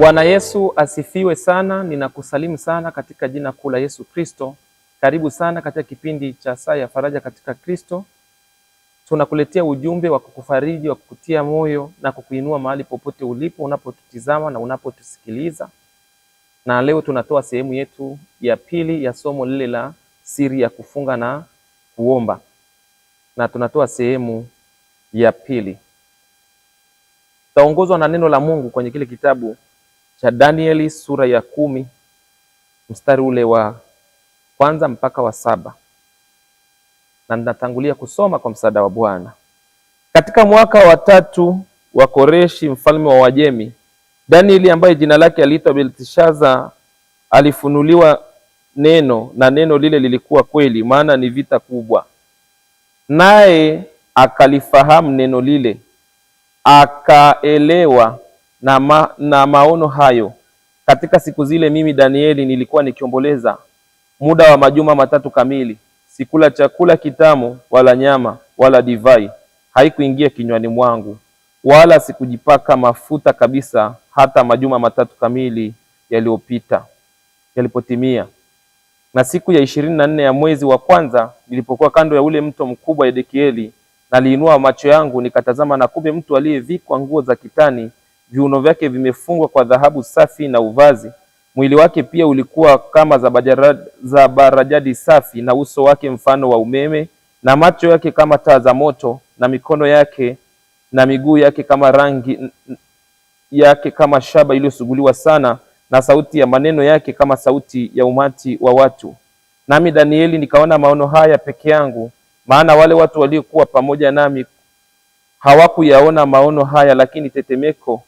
Bwana Yesu asifiwe sana. Ninakusalimu sana katika jina kuu la Yesu Kristo. Karibu sana katika kipindi cha Saa ya Faraja katika Kristo. Tunakuletea ujumbe wa kukufariji, wa kukutia moyo na kukuinua mahali popote ulipo, unapotutizama na unapotusikiliza. Na leo tunatoa sehemu yetu ya pili ya somo lile la siri ya kufunga na kuomba, na tunatoa sehemu ya pili, taongozwa na neno la Mungu kwenye kile kitabu cha Danieli sura ya kumi mstari ule wa kwanza mpaka wa saba na ninatangulia kusoma kwa msaada wa Bwana. Katika mwaka wa tatu wa Koreshi mfalme wa Wajemi, Danieli ambaye jina lake aliitwa Belteshaza alifunuliwa neno, na neno lile lilikuwa kweli, maana ni vita kubwa. Naye akalifahamu neno lile, akaelewa na, ma, na maono hayo. Katika siku zile mimi Danieli nilikuwa nikiomboleza muda wa majuma matatu kamili, sikula chakula kitamu wala nyama wala divai haikuingia kinywani mwangu, wala sikujipaka mafuta kabisa, hata majuma matatu kamili yaliyopita yalipotimia. Na siku ya ishirini na nne ya mwezi wa kwanza, nilipokuwa kando ya ule mto mkubwa Yedekieli, naliinua macho yangu nikatazama, na kumbe mtu aliyevikwa nguo za kitani viuno vyake vimefungwa kwa dhahabu safi na uvazi. Mwili wake pia ulikuwa kama za barajadi safi, na uso wake mfano wa umeme, na macho yake kama taa za moto, na mikono yake na miguu yake kama rangi yake kama shaba iliyosuguliwa sana, na sauti ya maneno yake kama sauti ya umati wa watu. Nami Danieli nikaona maono haya peke yangu, maana wale watu waliokuwa pamoja nami hawakuyaona maono haya, lakini tetemeko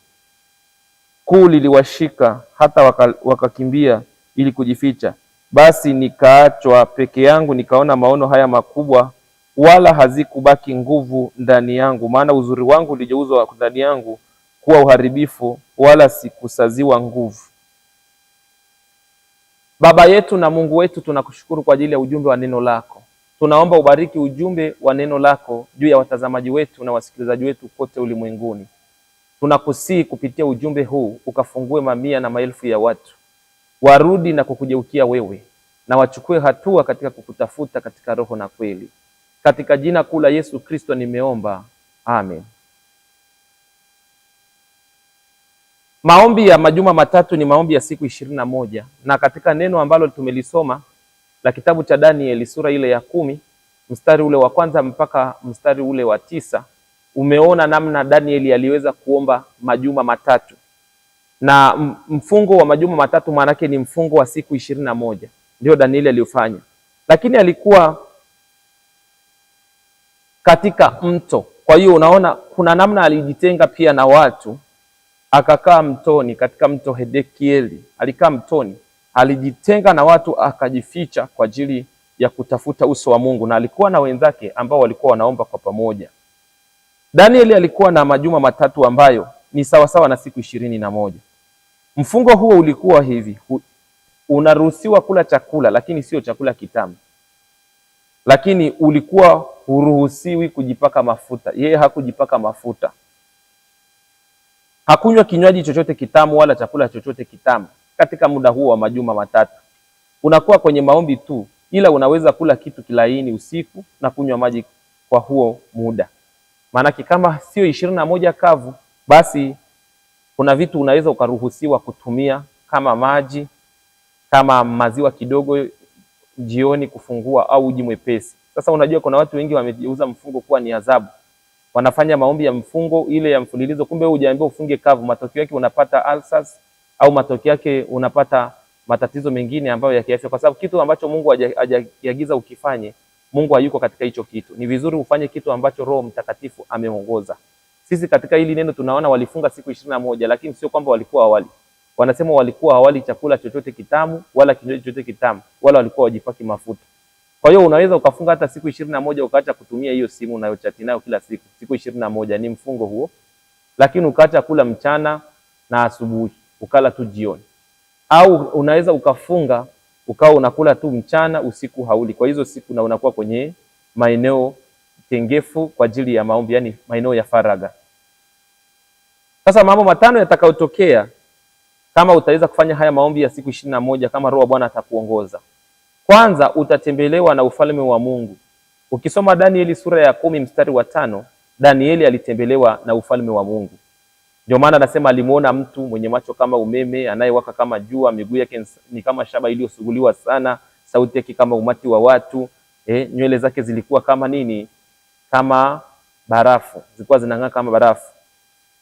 kuu liliwashika hata waka, wakakimbia ili kujificha. Basi nikaachwa peke yangu, nikaona maono haya makubwa, wala hazikubaki nguvu ndani yangu, maana uzuri wangu ulijeuzwa ndani yangu kuwa uharibifu, wala sikusaziwa nguvu. Baba yetu na Mungu wetu, tunakushukuru kwa ajili ya ujumbe wa neno lako. Tunaomba ubariki ujumbe wa neno lako juu ya watazamaji wetu na wasikilizaji wetu kote ulimwenguni. Tunakusii kupitia ujumbe huu ukafungue mamia na maelfu ya watu warudi na kukujeukia wewe na wachukue hatua katika kukutafuta katika roho na kweli. Katika jina kuu la Yesu Kristo nimeomba, amen. Maombi ya majuma matatu ni maombi ya siku ishirini na moja na katika neno ambalo tumelisoma la kitabu cha Danieli sura ile ya kumi mstari ule wa kwanza mpaka mstari ule wa tisa Umeona namna Danieli aliweza kuomba majuma matatu, na mfungo wa majuma matatu maanake ni mfungo wa siku ishirini na moja ndio Danieli aliofanya, lakini alikuwa katika mto. Kwa hiyo unaona kuna namna alijitenga pia na watu, akakaa mtoni, katika mto Hedekieli alikaa mtoni, alijitenga na watu, akajificha kwa ajili ya kutafuta uso wa Mungu, na alikuwa na wenzake ambao walikuwa wanaomba kwa pamoja. Danieli alikuwa na majuma matatu ambayo ni sawasawa na siku ishirini na moja. Mfungo huo ulikuwa hivi, unaruhusiwa kula chakula lakini sio chakula kitamu, lakini ulikuwa huruhusiwi kujipaka mafuta. Yeye hakujipaka mafuta, hakunywa kinywaji chochote kitamu wala chakula chochote kitamu katika muda huo wa majuma matatu. Unakuwa kwenye maombi tu, ila unaweza kula kitu kilaini usiku na kunywa maji kwa huo muda. Maanake kama sio ishirini na moja kavu, basi kuna vitu unaweza ukaruhusiwa kutumia kama maji, kama maziwa kidogo jioni kufungua, au uji mwepesi. Sasa unajua kuna watu wengi wameuza mfungo kuwa ni adhabu, wanafanya maombi ya mfungo ile ya mfululizo, kumbe wewe hujaambiwa ufunge kavu. Matokeo yake unapata ulcers, au matokeo yake unapata matatizo mengine ambayo ya kiafya, kwa sababu kitu ambacho Mungu hajaagiza ukifanye Mungu hayuko katika hicho kitu. Ni vizuri ufanye kitu ambacho Roho Mtakatifu ameongoza. Sisi katika hili neno tunaona walifunga siku ishirini na moja lakini sio kwamba walikuwa hawali. Wanasema walikuwa hawali chakula chochote kitamu wala kinywaji chochote kitamu, wala walikuwa wajipaki mafuta. Kwa hiyo unaweza ukafunga hata siku ishirini na moja ukaacha kutumia hiyo simu unayochati nayo kila siku. Siku ishirini na moja ni mfungo huo, lakini ukaacha kula mchana na asubuhi, ukala tu jioni, au unaweza ukafunga ukawa unakula tu mchana, usiku hauli kwa hizo siku, na unakuwa kwenye maeneo tengefu kwa ajili ya maombi, yani maeneo ya faraga. Sasa mambo matano yatakayotokea kama utaweza kufanya haya maombi ya siku ishirini na moja kama Roho Bwana atakuongoza. Kwanza, utatembelewa na ufalme wa Mungu. Ukisoma Danieli sura ya kumi mstari wa tano Danieli alitembelewa na ufalme wa Mungu. Ndio maana anasema alimuona mtu mwenye macho kama umeme, anayewaka kama jua, miguu yake ni kama shaba iliyosuguliwa sana, sauti yake kama umati wa watu eh, nywele zake zilikuwa kama nini? Kama barafu, zilikuwa zinang'aa kama barafu.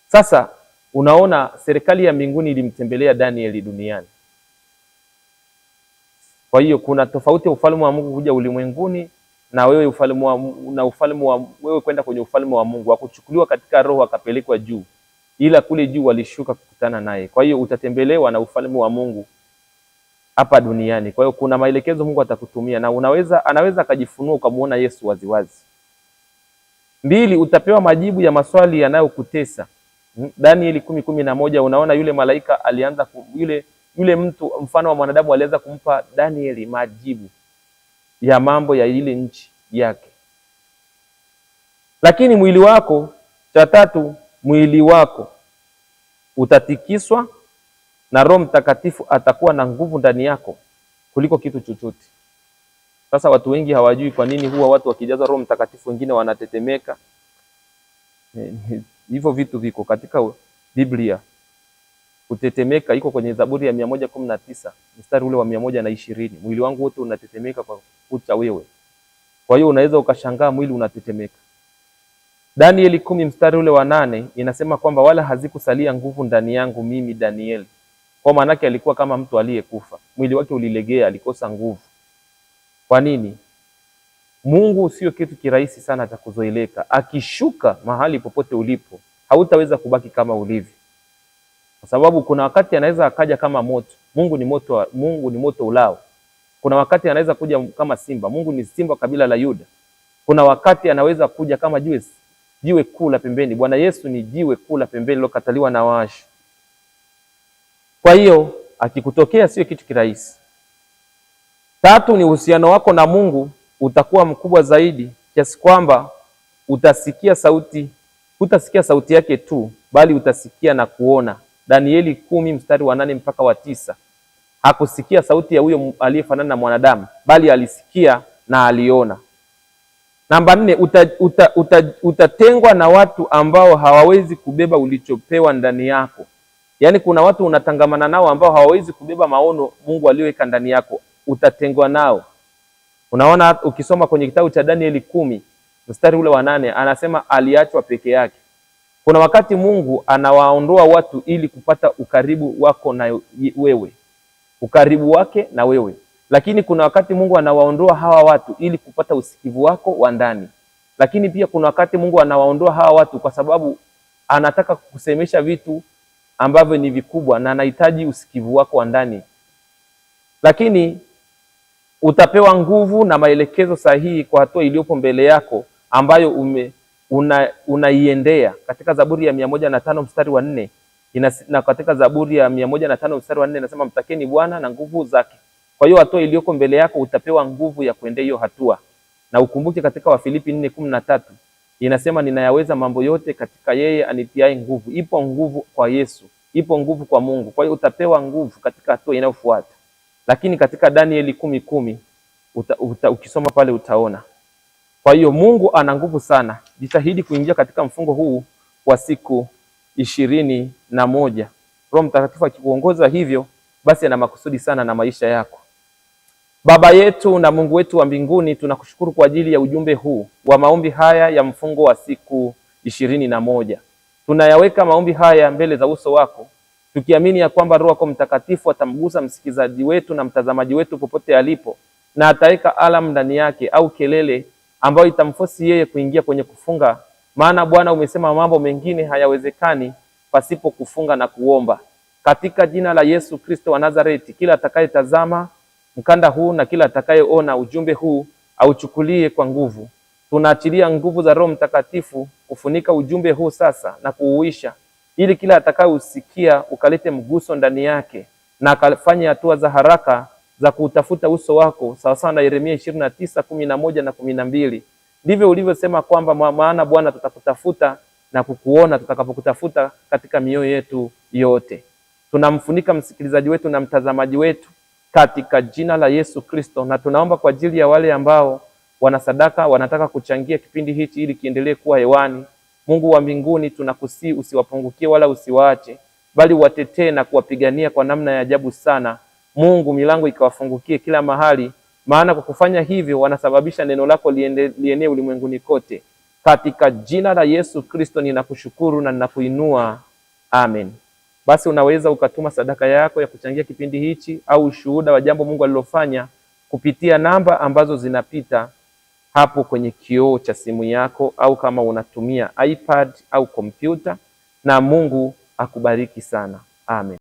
Sasa unaona, serikali ya mbinguni ilimtembelea Danieli duniani. Kwa hiyo kuna tofauti ya ufalme wa Mungu kuja ulimwenguni na wewe ufalme wa, na ufalme wa wewe kwenda kwenye ufalme wa Mungu, akuchukuliwa katika roho akapelekwa juu ila kule juu walishuka kukutana naye. Kwa hiyo utatembelewa na ufalme wa Mungu hapa duniani. Kwa hiyo kuna maelekezo Mungu atakutumia na unaweza, anaweza akajifunua ukamuona Yesu waziwazi. Mbili, utapewa majibu ya maswali yanayokutesa. Hmm, Danieli kumi kumi na moja unaona yule malaika alianza ku, yule, yule mtu mfano wa mwanadamu alianza kumpa Danieli majibu ya mambo ya ile nchi yake, lakini mwili wako. Cha tatu mwili wako utatikiswa na Roho Mtakatifu atakuwa na nguvu ndani yako kuliko kitu chochote. Sasa watu wengi hawajui kwa nini huwa watu wakijaza Roho Mtakatifu wengine wanatetemeka. Eh, hivyo vitu viko katika Biblia. Kutetemeka iko kwenye Zaburi ya mia moja kumi na tisa mstari ule wa mia moja na ishirini mwili wangu wote unatetemeka kwa kucha wewe. Kwa hiyo unaweza ukashangaa mwili unatetemeka. Danieli kumi mstari ule wa nane inasema kwamba wala hazikusalia nguvu ndani yangu mimi Danieli. Kwa yake alikuwa kama mtu aliyekufa, mwili wake ulilegea, alikosa nguvu. Kwa nini? Mungu sio kitu kirahisi sana cha kuzoeleka. Akishuka mahali popote ulipo, hautaweza kubaki kama ulivyo, kwa sababu kuna wakati anaweza akaja kama moto. Mungu ni moto, Mungu ni moto ulao. Kuna wakati anaweza kuja kama simba. Mungu ni simba kabila la Yuda. Kuna wakati anaweza kuja kama juisi jiwe kuu la pembeni. Bwana Yesu ni jiwe kuu la pembeni lilokataliwa na waashi. Kwa hiyo akikutokea sio kitu kirahisi. Tatu ni uhusiano wako na Mungu utakuwa mkubwa zaidi kiasi kwamba utasikia sauti, utasikia sauti yake tu, bali utasikia na kuona. Danieli kumi mstari wa nane mpaka wa tisa. Hakusikia sauti ya huyo aliyefanana na mwanadamu, bali alisikia na aliona. Namba nne, utatengwa uta, uta, na watu ambao hawawezi kubeba ulichopewa ndani yako. Yaani kuna watu unatangamana nao ambao hawawezi kubeba maono Mungu aliyoweka ndani yako, utatengwa nao. Unaona, ukisoma kwenye kitabu cha Danieli kumi mstari ule wa nane anasema aliachwa peke yake. Kuna wakati Mungu anawaondoa watu ili kupata ukaribu wako na wewe, ukaribu wake na wewe. Lakini kuna wakati Mungu anawaondoa hawa watu ili kupata usikivu wako wa ndani. Lakini pia kuna wakati Mungu anawaondoa hawa watu kwa sababu anataka kukusemesha vitu ambavyo ni vikubwa na anahitaji usikivu wako wa ndani. Lakini utapewa nguvu na maelekezo sahihi kwa hatua iliyopo mbele yako ambayo ume una unaiendea katika Zaburi ya mia moja na tano mstari wa nne na katika Zaburi ya mia moja na tano mstari wa nne inasema mtakeni Bwana na nguvu zake kwa hiyo hatua iliyoko mbele yako utapewa nguvu ya kuendea hiyo hatua, na ukumbuke katika Wafilipi nne kumi na tatu inasema ninayaweza mambo yote katika yeye anitiaye nguvu. Ipo nguvu kwa Yesu, ipo nguvu kwa Mungu. Kwa hiyo utapewa nguvu katika hatua inayofuata. Lakini katika Danieli kumi kumi uta, uta, ukisoma pale utaona. Kwa hiyo Mungu ana nguvu sana. Jitahidi kuingia katika mfungo huu wa siku ishirini na moja. Roho Mtakatifu akikuongoza hivyo, basi ana makusudi sana na maisha yako. Baba yetu na Mungu wetu wa mbinguni, tunakushukuru kwa ajili ya ujumbe huu wa maombi haya ya mfungo wa siku ishirini na moja. Tunayaweka maombi haya mbele za uso wako tukiamini ya kwamba Roho yako Mtakatifu atamgusa msikilizaji wetu na mtazamaji wetu popote alipo, na ataweka alam ndani yake au kelele ambayo itamfosi yeye kuingia kwenye kufunga, maana Bwana umesema mambo mengine hayawezekani pasipo kufunga na kuomba. Katika jina la Yesu Kristo wa Nazareti, kila atakayetazama mkanda huu na kila atakayeona ujumbe huu auchukulie kwa nguvu. Tunaachilia nguvu za Roho Mtakatifu kufunika ujumbe huu sasa na kuuisha, ili kila atakayeusikia ukalete mguso ndani yake na akafanye hatua za haraka za kuutafuta uso wako, sawasawa na Yeremia ishirini na tisa kumi na moja na kumi na mbili ndivyo ulivyosema kwamba maana Bwana tutakutafuta na kukuona tutakapokutafuta katika mioyo yetu yote. Tunamfunika msikilizaji wetu na mtazamaji wetu katika jina la Yesu Kristo, na tunaomba kwa ajili ya wale ambao wanasadaka wanataka kuchangia kipindi hichi ili kiendelee kuwa hewani. Mungu wa mbinguni, tunakusii usiwapungukie wala usiwaache, bali watetee na kuwapigania kwa namna ya ajabu sana. Mungu, milango ikawafungukie kila mahali, maana kwa kufanya hivyo wanasababisha neno lako lienee ulimwenguni kote. Katika jina la Yesu Kristo ninakushukuru na ninakuinua, amen basi unaweza ukatuma sadaka yako ya kuchangia kipindi hichi au ushuhuda wa jambo Mungu alilofanya kupitia namba ambazo zinapita hapo kwenye kioo cha simu yako, au kama unatumia iPad au kompyuta. Na Mungu akubariki sana, amen.